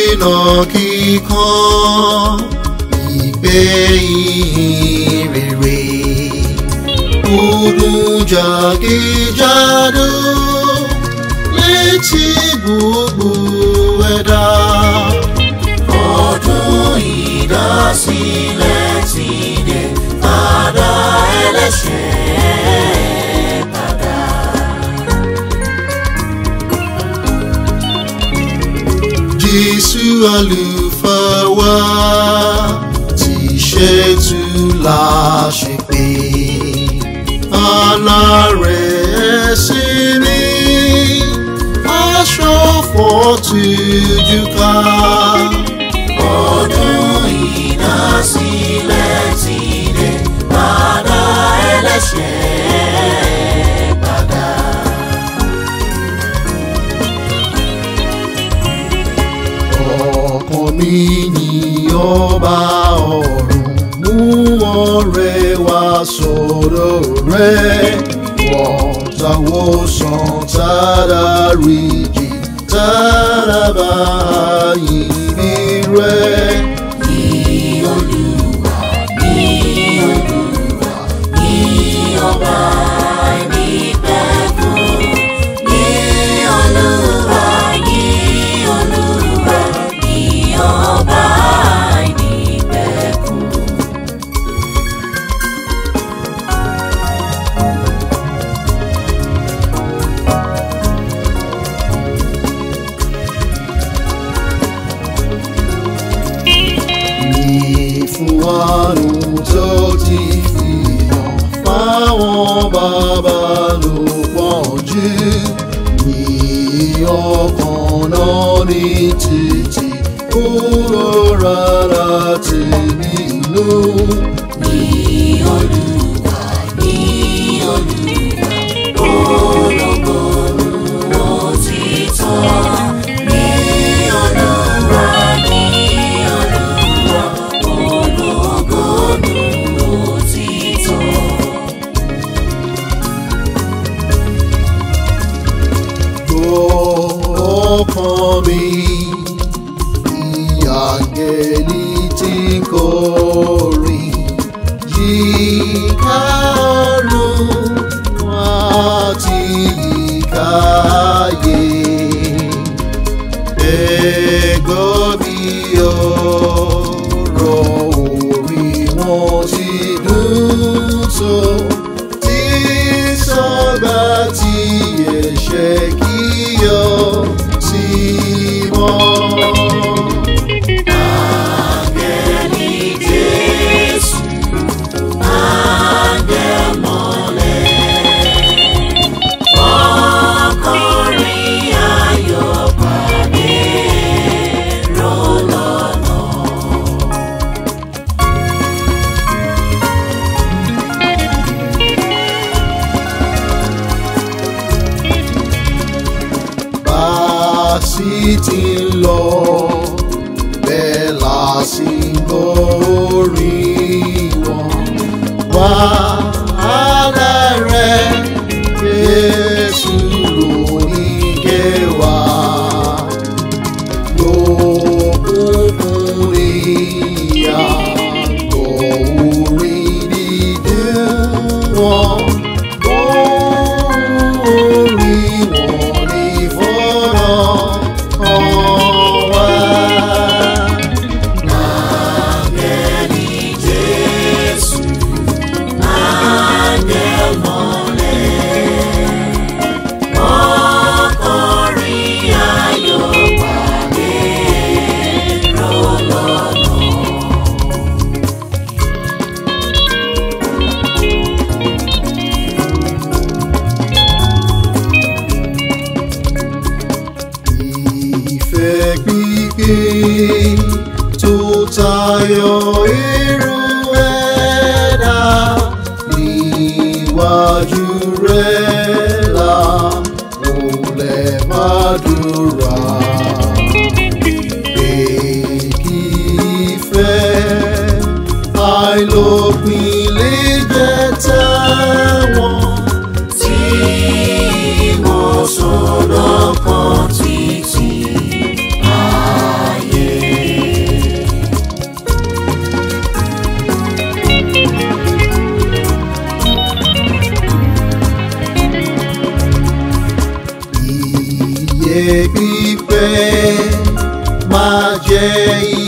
dènà kíkan ìgbẹ̀yìn rere ogun jàgíjàdó létí gbogbo ẹ̀dá ọdún ìdásílẹ̀ ti dé fàdà ẹlẹ́ṣẹ̀. àlùfáà wa ti ṣètù láṣepé alárẹ̀ ẹ̀sìn ní aṣọ́fọ́ tìjú ká. ọdún ìdásílẹ̀ ti dé bàdá ẹlẹ́ṣẹ̀. mi yìn ọba ọ̀run mú ọrẹ wá sọ̀rọ̀ rẹ̀ wọ̀tàwọ̀ sàn tára rí tára bá yìí bí rẹ̀. mi nù. wá. rei.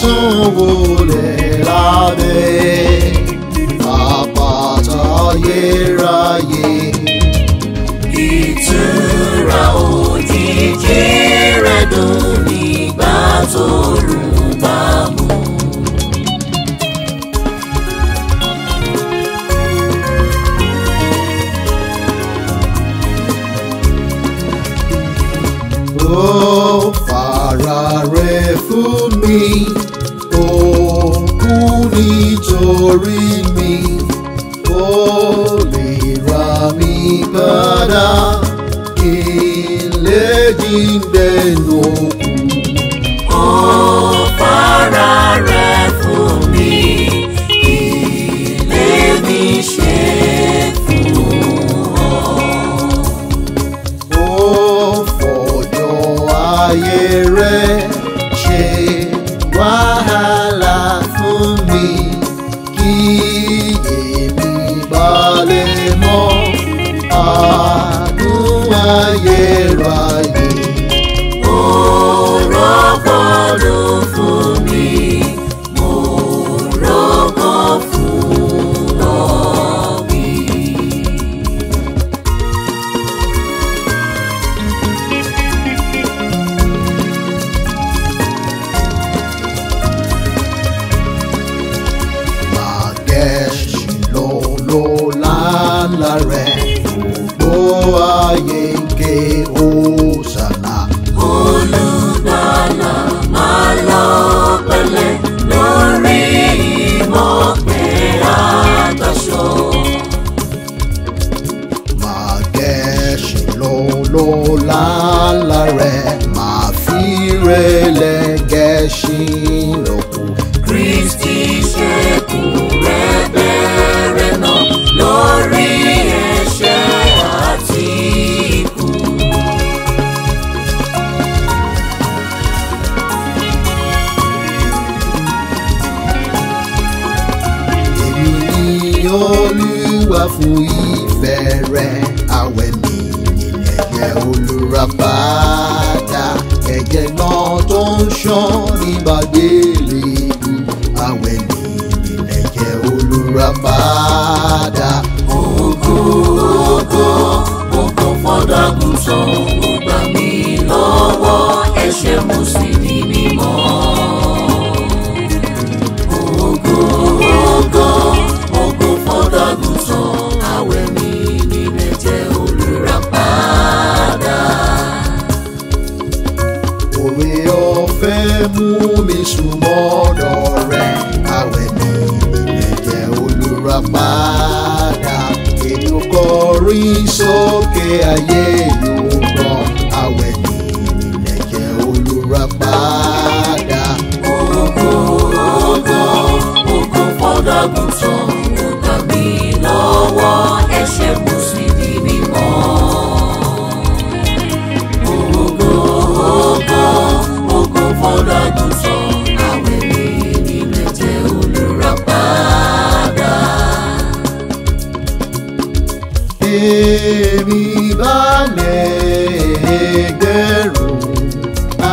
sanwó rẹ̀ lábẹ́ àpáta ye. ìtura òjijì rẹ̀ dùn nígbà tó lù bá mú. ó fara rẹ̀ fún orí mi kó lè rà mí padà kí n lè jíǹde lòkù. yeah, èmi balẹ̀ ẹgbẹ̀rún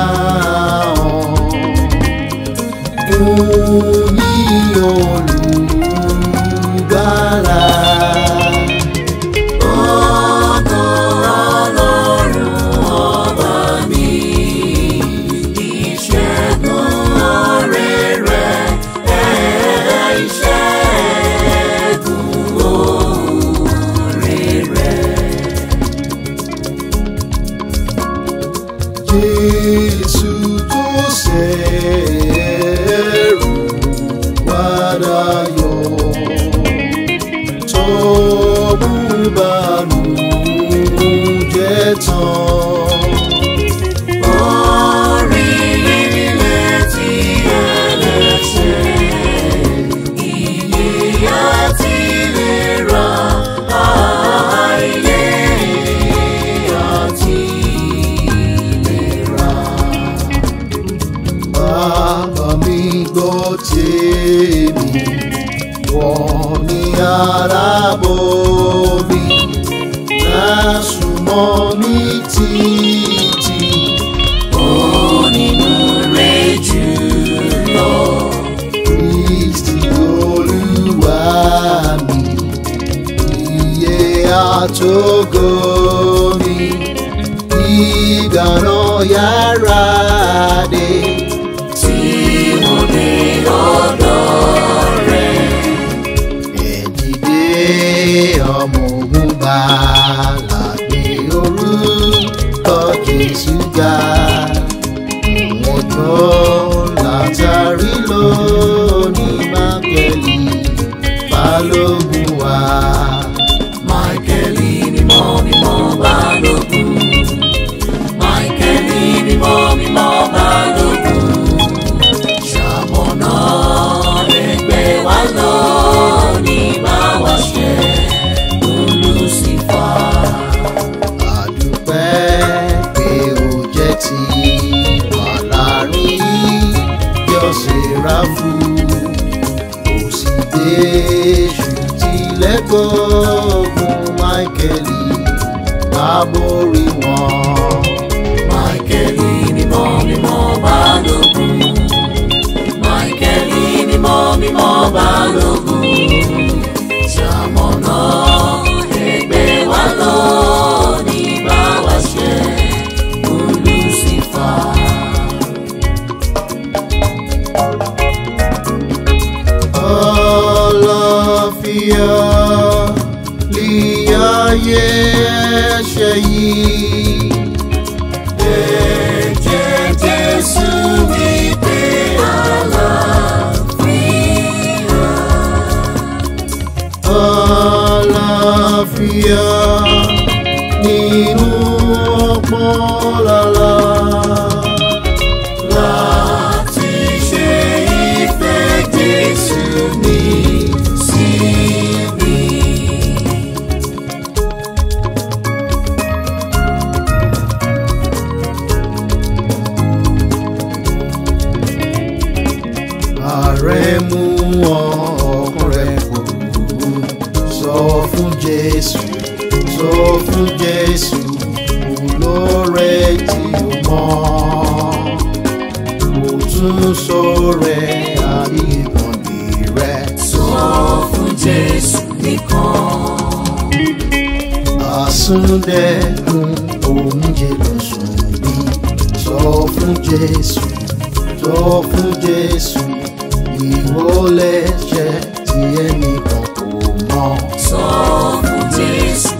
ahọ́n. Oyin yóò. tán. ògo mi ìdáná yàrá dé. tí mo dé ọ̀dọ̀ rẹ. ẹ dìde ọmọ ogun bàálà pé orúkọ Jésù ga wọn jọ látàrí lónìí mákẹ́lì balógun wa. yìí. ẹ̀jẹ̀ Jésù wípé àlàáfíà. àlàáfíà. jésù lóore tí o mọ̀ mo tún sọ̀rọ̀ àríkànlè rẹ. sọ fún jésù nìkan. àsúndẹ̀kùn oúnjẹ lọ́sùn mi sọ fún jésù sọ fún jésù ìwọ lẹ́ṣẹ̀ tí ẹnìkan kò mọ̀. sọ fún jésù.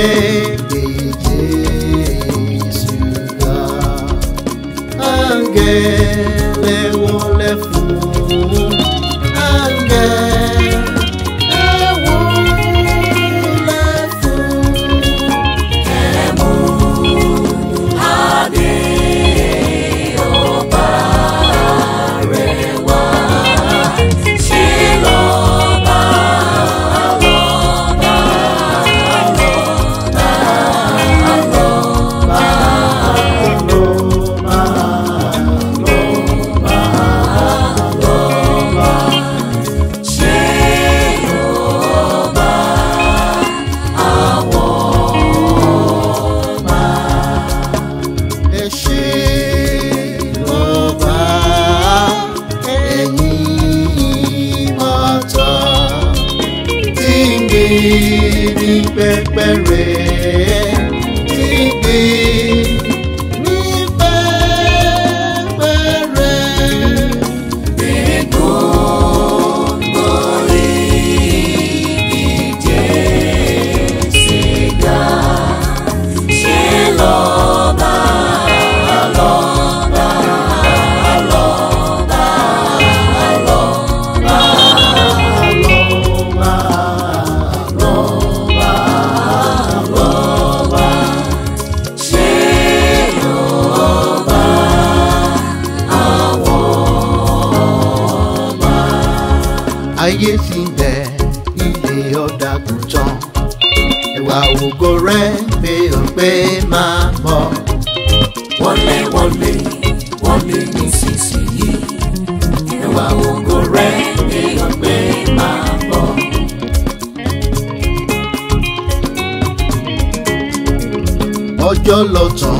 yeah. ayé sì ń bẹ ilé ọ̀dà kò tán ẹ̀wà ògo rẹ̀ pé ọ̀pẹ máa bọ̀. wọlé wọlé wọlé nísinsìnyí ẹ̀wà ògo rẹ̀ pé ọ̀pẹ máa bọ̀. ọjọ́ lọ tán.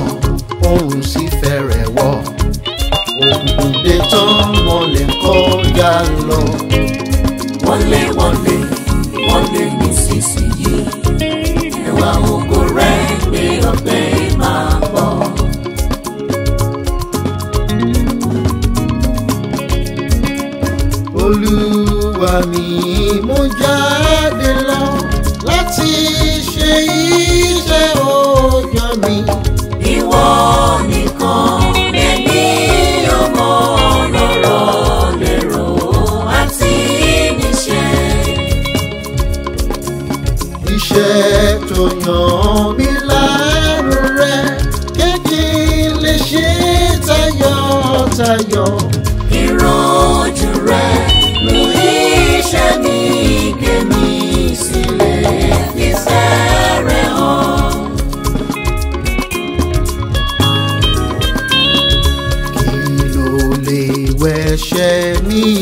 ẹ̀ṣẹ̀ mi.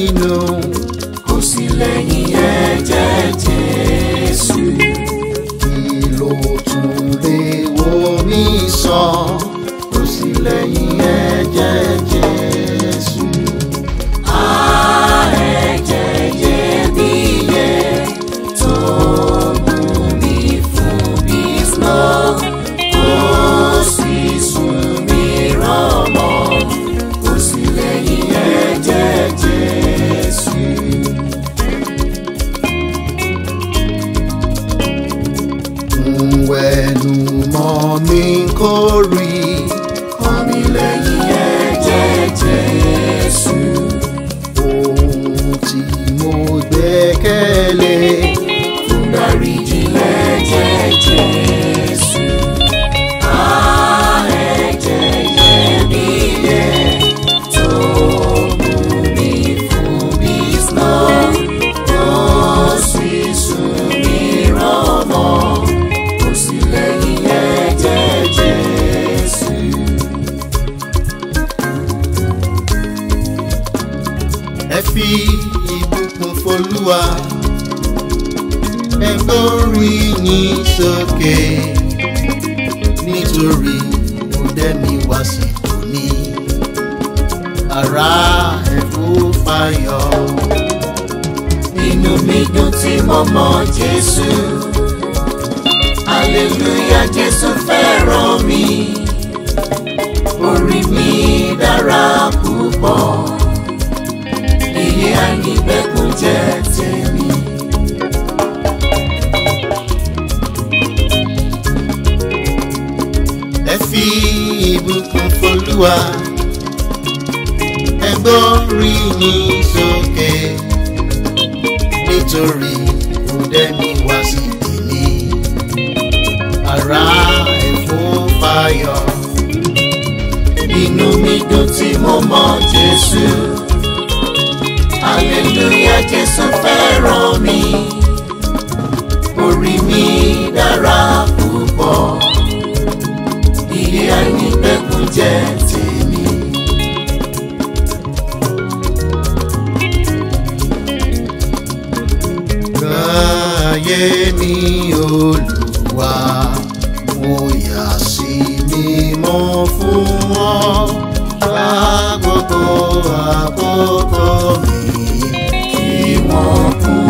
tẹnumọ́ mi kórìí kọ́ mi lẹ́yìn. ṣe nítorí mo wá sí kò ara ẹ̀fọ́ fàyọ̀ inú mi dùn tí mo mọ Jésù hallelujah Jésù fẹ́ràn mi orí mi dára púpọ̀ iye àìníbẹ̀kún jẹ́ tèmi. Odùduwà ẹ gbórí yín sókè nítorí òdẹ́mi wá sí tèmi ara ẹ̀fún fayọ̀ inú mi dùn tí mo mọ Jésù aleluya Jésù fẹ́ràn mi orí mi dára. ayé mi Olúwa mo yà sí mímọ́ fún ọ lákòókò àkókò mi kí wọ́n kú.